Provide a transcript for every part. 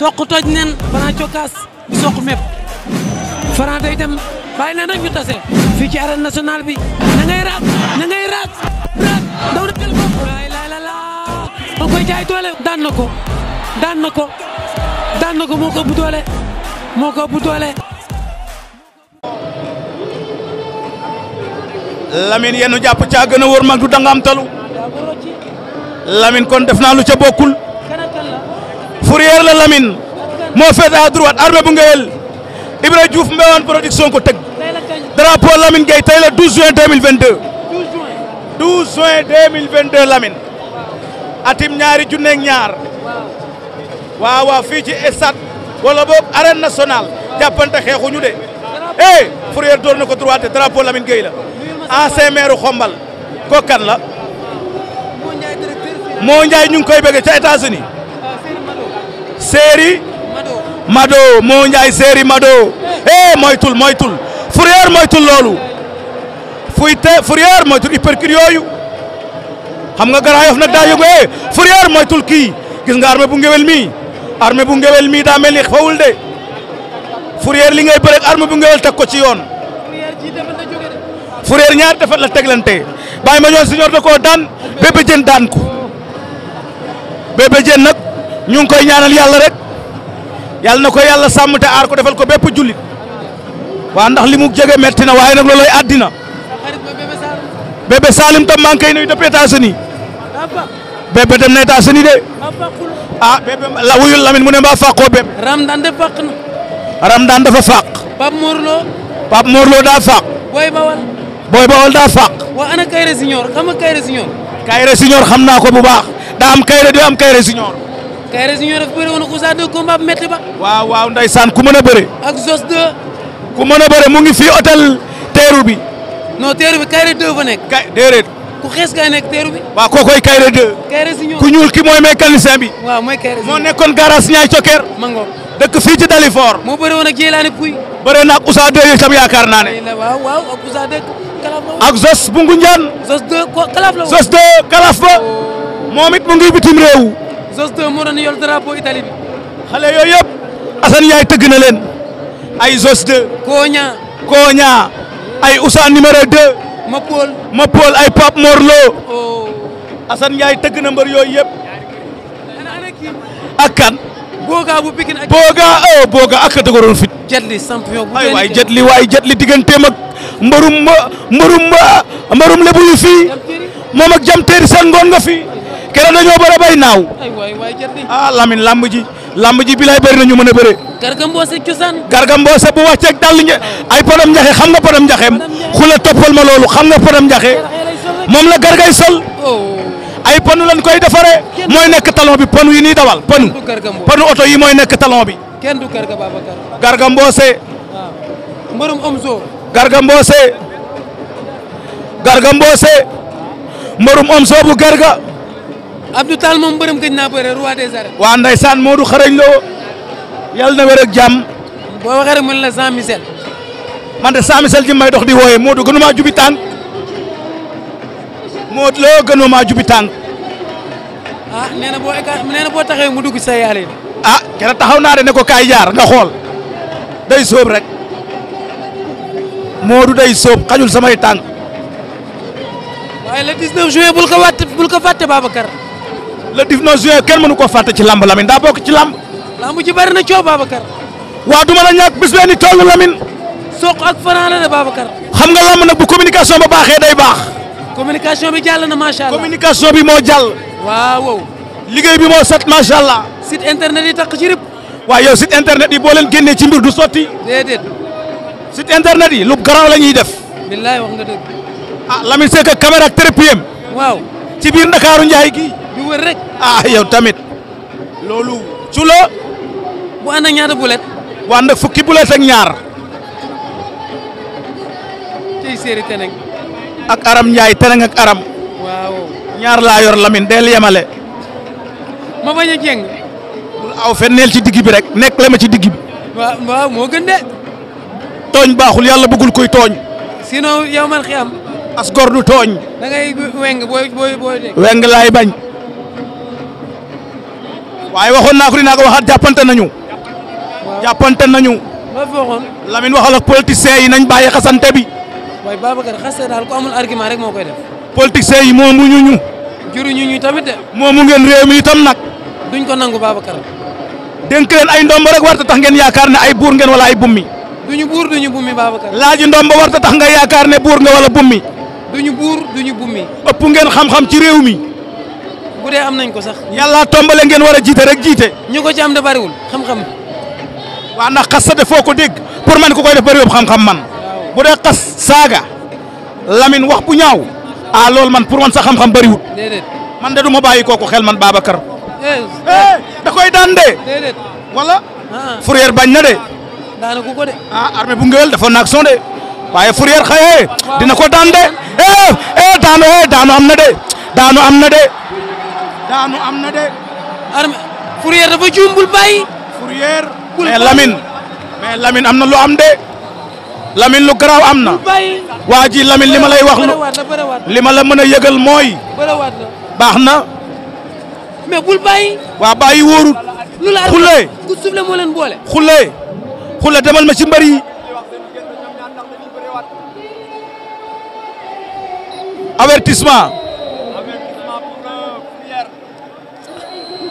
soq toj nen Franc cokaas soq mépp Franc day dem bàyyi leen tase fii ci arène nationale bi na ngay raas na ngay daw na jël ko laay laay la la ma koy jaay doole daan na ko daan na ko daan na ko moo ko bu doole moo yenu jàpp caa gën a mag du danga am talu Lamine kon def naa lu ca bokkul Fourrière la Lamine moo féete à droite armée bu Ngéyel Ibra Diouf Mbéwane production ko tëgg drapeau Lamine Gueye tey la 12 juin 2022 12 juin 2022 Lamine atim ñaari junneeg ñaar waaw fii ci stade wala boog arène nationale jàppante xeexuñu de eh Fourrière door ko droite drapeau Lamine la ancien maire xombal kokkan la moo Ndiaye ñu ngi koy bëgg ca états Séeri. Mado moo Ndiaye Séeri Mado. eh moytul moytul Fourrière moytul loolu. Fuyte Fourrière moytul uppercut yooyu. nga Grand Yoff nag daa yëngu eh Fourrière moytul kii gis nga armée bu ngewel mii. armée bu ngewel mii daa mel ni xawul de. li ngay bëre ak bu ngewel teg ko ci yoon. Fourrière ñaar defat la teglante bàyyi ma ñoon siñor da koo daan Bébé Diène daan ko Bébé Diène nag. ñu ngi koy ñaanal yàlla rek yàlla na ko yàlla sàmm te aar ko defal ko bépp jullit waa ndax li mu jege metti na waaye nag looloy àddina bébé Salim tam maa ngi da nuyu depuis états dem na États-Unis de ah bébé la wuyul mu ne mbaa fàqoo bébé. Ramdan de fàq na. Ramdan dafa fàq. Pape Morlo. Pape Morlo daa fàq. Boy Bawal. daa fàq. waa ana Kayre Signor xam nga Kayre Signor. Kayre Signor xam naa ko bu baax daa am Kayre di am Kayre Signor. Kayre Junior dafa bëri woon ak Ousa 2 combat bu métti ba. waaw waaw ndeysaan ku mën a bëre. ak Zos 2. ku mën a bëre mu ngi fi hôtel teeru bi. non teeru bi Kayre Kay déedéet. ku xees gaa nekk teeru bi. waaw kookoy Kayre ku ñuul ki mooy mécanicien bi. waaw moo nekkoon garage Niay Coker. mango dëkk fii ci Dalifort. moo bëri woon ak Jelaani Pouy. bëree na ak Ousa 2 itam yaakaar naa ne. waaw ak Ousa 2 kalaaf la ak Zos bu Ngunjaan. mu ngi bitim réew Zoss 2 moo doon yor drapeau bi. xale yooyu yëpp Assane yaay tëgg na leen ay Zoss 2. Koña. Koña ay Ousseynou numéro 2. Mapol Mapol ay Pape Morlo. oh yaay tëgg na mbër yooyu yëpp. ak kan. Boga bu Pikine ak. Boga oh Boga ak ka ay waay Jetli waay Jetli digganteem ak mbërum mbërum lebu yi fii moom jam teeri seen ngoon nga fii. keroog dañoo bëre bay naaw. ah Lamine lamb ji lamb ji bi lay na ñu mën a bëre. Garga Mbossé cosaan. Garga Mbossé bu wàcceeg dàll oh. ay podam njaxe xam nga podam njaxeem xula toppal ma loolu xam nga podam njaxe moom la garga sol. Oh. ay panu lañ koy defaree. mooy nekk talon bi panu yi nii dawal panu. panu oto yi mooy nekk talon bi. kenn du Garga Babacar. Garga Mbossé. waaw mbërum bu Garga. Abdou Tall moom mbërëm gëj naa bëre roi des arènes. waa ndeysaan Modou xarañ loo yàlla na wér ak jàmm. boo waxee mën la cent mille. man de cent mille ji may dox di wooyee Modou gënumaa jubi tànk Modou loo gënumaa jubi tànk. a ah, nee na boo éca nee na boo taxawee mu dugg sa yaale. ah keroog taxaw naa de ne ko kaay jaar nga xool day sóob rek Modou day sóob xajul samay tànk. waaye le 19 juillet bul ko wàtte bul ko fàtte la 19 juillet kenn mënu ko fàtte ci lamb Lamine daa bokk ci lamb. lamb ji bari na coow Babacar. waa du ma la ñàkk bis benn tollu Lamine. soq ak Franc la de Babacar. xam nga lamb nag bu communication ba baaxee day baax. communication bi jàll na macha allah communication bi moo jàll. liggéey bi moo set macha allah. site internet yi takk ci waa waaw yow internet yi boo leen génnee ci mbir du sotti. déedéet. site internet yi lu garaaw la ñuy def. billaay wax nga dëgg. ah Lamine Seck caméra ak ci biir Ndakaaru Njaay gi ñu wër rek. ah yow tamit. loolu. sula la. bu ànd ak ñaata bulet. bu ànd fukki bulet ñaar. tey séeri teneng. ak aram Ndiaye teneng ak aram. waaw. ñaar laa yor Lamine del yemale. ma bañ jeng. bul aw ci digg bi rek nekk la ma ci digg bi. waaw moo gën de. tooñ baaxul yàlla bëggul koy tooñ. sinon yow man xiyam. as gor du tooñ. weng laay bañ. waaye waxoon naa ko dinaa ko waxaat jàppante nañu. jàppante na ma fi waxoon. Lamine waxal ak politiciens yi nañ bàyyi xasante bi. waaye Babacar xasee daal ku amul argument rek moo koy def. politiciens yi mu ñu ñu. juruñu ñu tamit de. moomu ngeen réew mi itam nag. duñ ko nangu Babacar. dénk leen ay ndomb rek war ta ngeen yaakaar ne ay buur ngeen wala ay bummi. duñu buur duñu bummi laaj laaji ndomb war ta tax nga yaakaar ne buur nga wala bummi. duñu buur duñu bummi. ëpp ngeen xam ci réew mi. bu dee am nañ ko sax. yàlla tombale ngeen war a jiite rek jiite. ñu ko ci am da bariwul xam-xam. waaw ndax xas sa def foo ko dégg pour man ku koy def bariwul xam-xam man. bu dee xas saaga Lamine wax bu ñaaw ah loolu man pour man sa xam-xam bariwul. déedéet man de du ma bàyyi kooku xel man Babacar. Eh, eh, eh. da koy daan de. déedéet wala. Ah. Fourier bañ na de. daanaka ko de. ah armée bu ngeel dafa naag son de waaye Fourier xëy dina ko daan de eh eh daanu am na de daanu am na de. daanu am na de. armé Fourrière dafa juum am na lu am de. Lamine lu garaaw am na. waa ji Lamine li ma lay wax. lu li ma la mën a yëgal mooy. baax na. mais bul bàyyi. waa bàyyi wóorut. lu la xullee boole. xullee xullee demal ma ci mbër avertissement.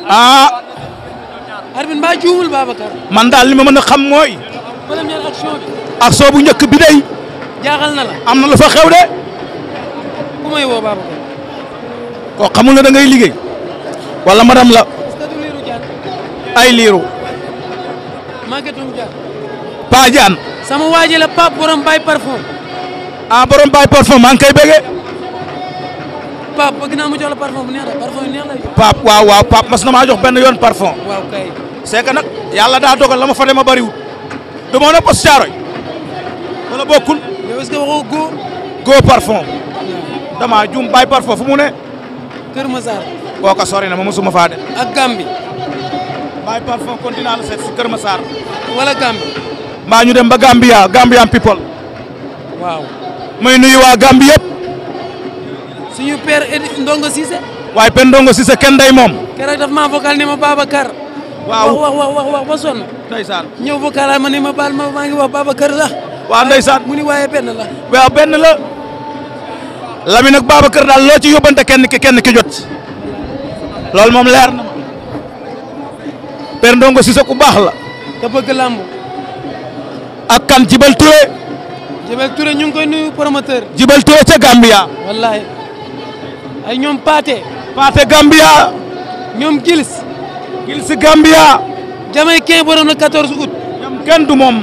ah. arbitre mbaa juumul Babacar. man daal li ma mën a xam mooy. première action bi. action njëkk bi day. na la. am na lu fa xew de. ku may woo Babacar. koo xamul ne da ngay liggéey. wala la. ay liiru. Paa Jaan. sama waaji la Pape borom Baye Parfum. ah borom Baye Parfum maa ngi koy Pape bëgg naa jox waaw waaw Pape mas na maa jox benn yoon parfum. waaw kay. c'est que yàlla daa dogal la ma fa a bëriwul. ma woon a pos caaroy. wala bokkul. mais est jum bàyyi parfum fu mu ne. Kër Massar. kooka sori na ma mosuma faa dem. ak Gambie. bàyyi parfum continent la si Kër Massar. wala Gambie. mbaa ñu dem ba Gambia Gambian people. waaw. may nuyu waa Gambie yëpp. suñu père Ndongo Cissé. waaye père Ndongo Cissé kenn day moom. keroog daf maa vocal ne ma Babacar. waaw wax wax wax wax ba sonn. ndeysaan ñëw vocal ma ne ma baal ma maa ngi wax Babacar la. waaw ndeysaan mu ni waaye benn la. waaw benn la. Lamine ak Babacar daal loo ci yóbbante kenn ki kenn ki jot. loolu moom leer na ma. père Ndongo Cissé ku baax la. te bëgg làmb. ak kan Jibal Touré. Jibal Touré ñu ngi koy nuyu promoteur. Jibal Touré ca Gambia. wallaahi. ay ñoom Paate. Paate Gambia. ñoom Gils. Gils Gambia. Jamaïcain borom na 14 août. ñoom kenn du moom.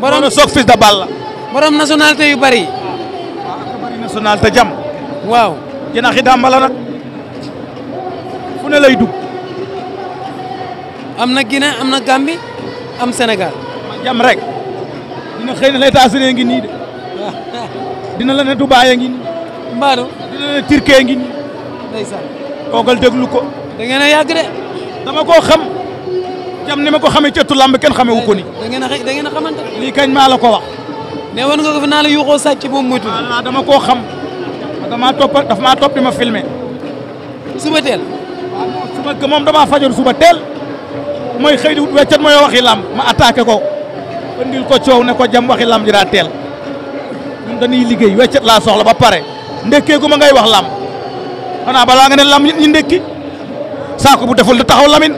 borom na soog fils de balle. borom nationalité yu bari yi. Ah, bari nationalité jam. waaw. jënax yi dàmbala nag. fu ne lay dugg. am na Guinée am na Gambie am senegal jam rek. dina xëy na États-Unis ngi nii de. dina la ne Dubaay a ngi nii. mbaadu dina ne Turquie ngi nii. ndeysaan toogal déglu ko. da ngeen a yàgg de. dama koo xam. jam ni ma ko xamee cëttu làmb kenn xamee wu ko nii. da ngeen da ngeen a xamante ne. lii kañ maa la ko wax. ne woon nga ko fi naa la yuuxoo sàcc moom moytu. voilà dama koo xam. dama topp daf topp di ma filmé. suba teel. waaw ah suba moom damaa fajoon suba teel. mooy xëy di wut weccat mooy waxi làmb ma attaqué ko. indil ko coow ne ko jam waxi làmb ji teel. ñun dañuy liggéey weccat laa soxla ba pare. ndekkee gu ma ngay wax lam xanaa balaa nga ne lam ñu ndekki saako bu deful da taxaw lamin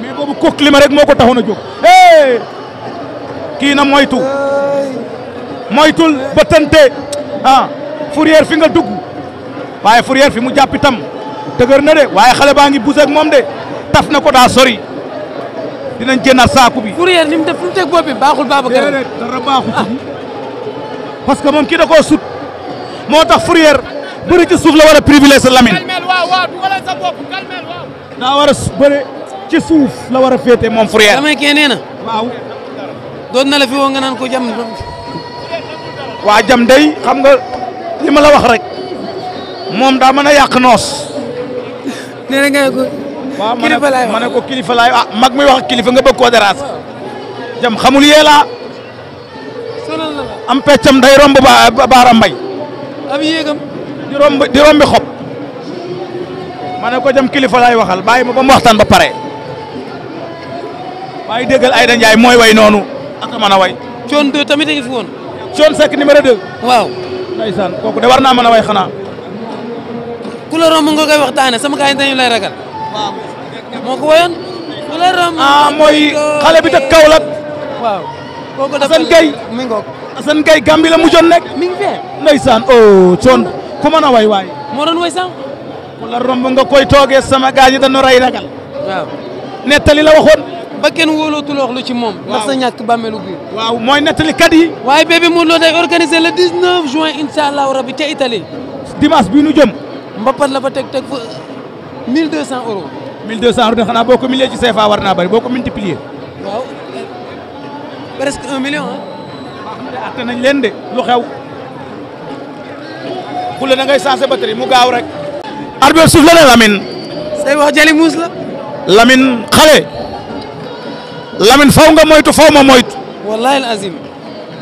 mais boobu kooku lima rek moo ko taxoon a jóg. kii na moytu moytul ba tënte ah, fi nga dugg waaye fourrière fi mu jàpp itam dëgër na de waaye xale baa ngi buse moom de taf na ko daa sori dinañ génnaat saako bi. fourrière ni mu def fu mu teg bopp baaxul Babacar. dara parce que moom kii da koo sut moo tax Fourrière bëri ci suuf la war a privilégier Lamine. daa war ci suuf la war a féete moom Fourrière. damay kee nee na. waaw. doon na la fi woo naan ko jam. waa jam dey xam nga li ma la wax rek moom daa mën a yàq noos. nee na nga ko. kilifa laay waaw ah, ma ko kilifa laay mag mi wax kilifa nga bëgg koo deraas jam xamul yee am peccam day romb ba baara mbay. am yéegam. di romb di rombi xob. ma ne ko kilifa laay waxal bàyyi ma ba mu waxtaan ba pare. waaye déggal Ayda mooy way noonu ak a mën a way. coon deux tamit a ngi fi woon. coon sekk numéro deux. waaw. ndeysaan kooku de war naa mën a way xanaa. ku romb nga koy waxtaane sama gars yi dañu lay ragal. waaw moo ko wayoon. ku la ah, xale bi dëkk Kaolack. waaw kooku dafa Assane Gueye Gambie la mujjoon nekk. mi ngi fee. ndeysaan oh coon ku mën a way waay. moo doon way sànq. ku la romb nga koy toogee sama gars yi dañu ray ragal. waaw nettali la waxoon. ba kenn wóolootul wax lu ci moom. waaw ndax sa ñàkk bàmmeelu biir. waaw mooy nettali kat yi. waaye bébé Modou Lo day organisé le 19 juin incha allahu rabi ca Italie. dimanche bii nu jëm. mbapat la fa teg teg fa 1200 euros. 1200 euros de xanaa boo ko millier ci CFA war naa bari boo ko multiplier. waaw million atte nañ leen de lu xew bu na da ngay sensé batterie mu gaaw rek arbitre suuf la ne Lamine say wax jali muus la Lamine xale Lamine faw nga moytu faw ma moytu wallahi al azim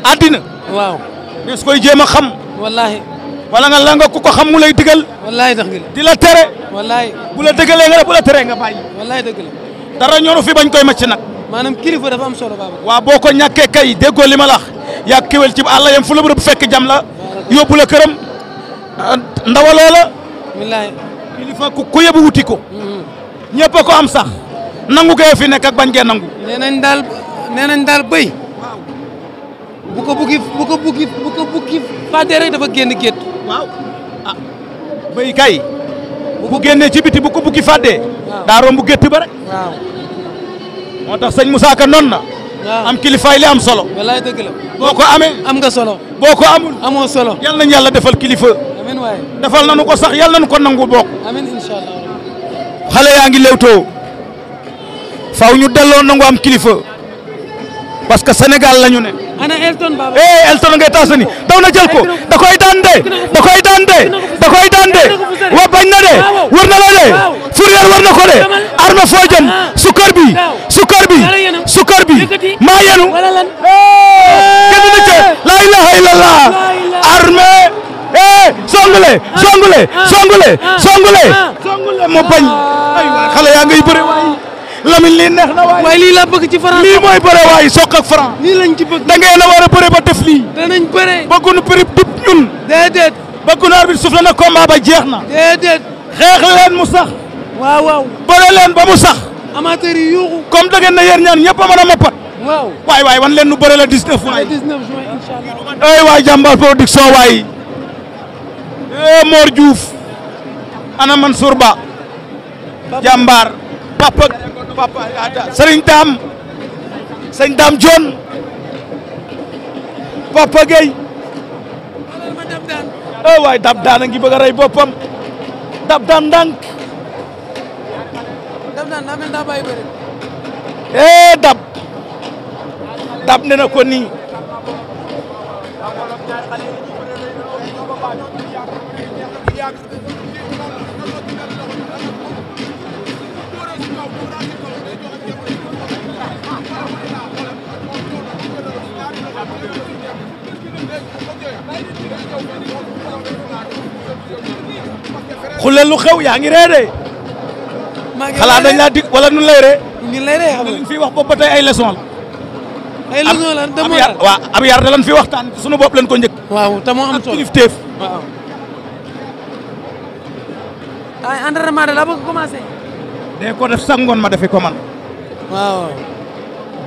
addina waaw des koy jéem a xam wallahi wala nga la nga ku ko xam mu lay digal wallahi tax di la tere wallahi bu la dëgalee nga bu la teree nga bàyyi wallahi dëgg la dara ñoru fi bañ koy macc nag maanaam kilifa dafa am solo baba waaw boo ko ñàkkee kay déggoo li ma la yaa kéwél ci àll yam fu la bërëb fekk jam la yóbbu la këram ndawaloo la. wallaay kilifa ku ko yóbbu wuti ko. a ko am sax. nangu kee fi nekk bañ gee nangu. ne nañ daal nee nañ daal bëy. bu ko bukki bu ko bukki bu rek dafa génn gétt. waaw ah bëy kay. bu génnee ci biti bu ko bukki fàttee. daa romb gétt ba rek. moo tax sëñ Moussa Ka noonu am kilifaay li am solo. dëgg la boo ko amee. am nga solo boo ko amul. amoo solo yal nañu yàlla defal kilifa. amiin waay defal nañu ko sax yal nañu ko nangu bokk. amiin incha xale yaa ngi lewtoo faaw ñu delloo nangu am kilifa parce que senegal lañu ñu ne. ana Elton Baba. eh daw na jël ko da koy daan de da koy daan daan de wa bañ na de wër na la de. Fourrière war na ko de arme foo jëm ah. sukar bi sukar bi sukar bi maa yenu kenn na ca laa ilaha illallah arme eh songule ah. songule ah. songule songule songule mu bañ ay yaa ngay bëre waay Lamine lii neex na waay. waaye lii laa bëgg ci France. lii lañ ci bëgg da ngeen a war a bëre ba def lii. danañ bëre. ñun. déedéet. bëgguñu arbitre suuf la na combat ba jeex na. déedéet. leen mu sax. waaw waaw bëre leen ba mu sax. amateur yi na yéen ñaan ñëpp a mën a waay waay wan leen nu bëre la 19. waay 19 juin incha allah. ay waay waay. eh Mor Diouf. ana Mansour Ba. jàmbaar. papa papa Serigne Dame. Serigne Dame Papa Gueye. eh waay Dab a ngi bëgg boppam. Dab Daan daan eh, dab dab ne na ko nii. xuleel lu xew yaa ngi reede xalaat dañ laa dig wala nun lay ree ñun lay wax bopp ba tey ay leçon la ay leçon la dama yar waaw ab yar da lan fii waxtaan suñu bopp lañ ko njëkk waaw te moo am teef ay entraînement commencé dee ma defi ko man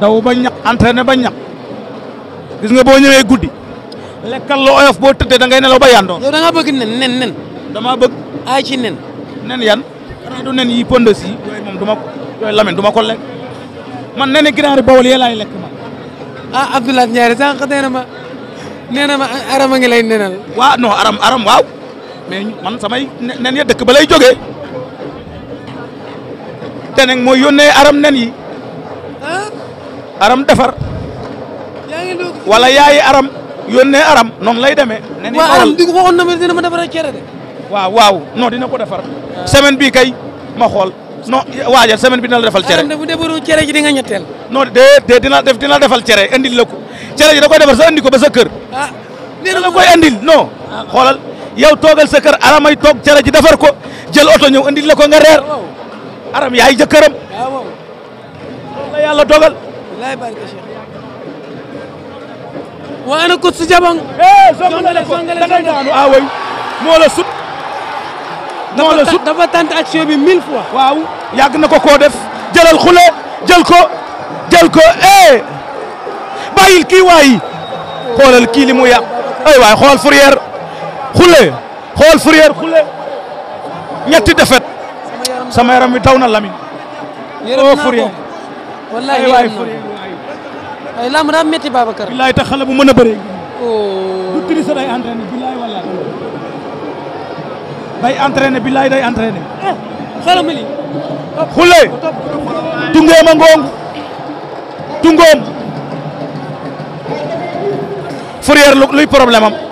ba ñaq entraîné ba ñaq gis nga boo ñëwee guddi lekkal lu boo tëddee da ngay nelaw ba yandoon yow da nga nen nen nen yan mais du nen yi pëndes yi yooyu moom du ma yooyu man nee na ginaari Bawol yee laay lekk man. ah Abdoulaye Ndiaye sànq ma nee na ma aram a ngi lay nenal. waaw aram aram waaw mais man samay nen ya dëkk ba lay jógee te nag mooy yónnee aram nen yi. Ah? aram defar. wala yaayi aram yónnee aram noonu lay deme nen yi waaw aram di waxoon na ma dina ma defaral cere de. waaw waaw non dina ko defar. Ah. semaine bii ma xool no waajal semaine bi dina la defal cere. maanaam bu defarul cere ji di nga ñetteel. non déedéet dina def defal cere indil la ko cere ji da koy defar sa indi ko ba sa kër. ah dina la koy indil non. xoolal yow toogal sa kër aram ay toog cere ji defar ko jël oto ñëw indil la ko nga reer. aram yaay jëkkëram. Ah, waaw. la yàlla waana eh, ko jabang. soo way ah, moo la sut. moo la sut dafa waaw yàgg na ko koo def jëlal xule jël ko jël ko eh bàyyil kii waay xoolal kii li mu yàq ay waay xool Fourier xule xool Fourier ñetti defet sama yaram bi taw na Lamine. yërëm oh, Fourier wallaay yërëm naa ko ay lamb daa métti mën a bëree. bu oh. sa day entraîné day entraîné billaay day entraîné. Eh, xoolal ma lii. xule. tungeem luy problème am.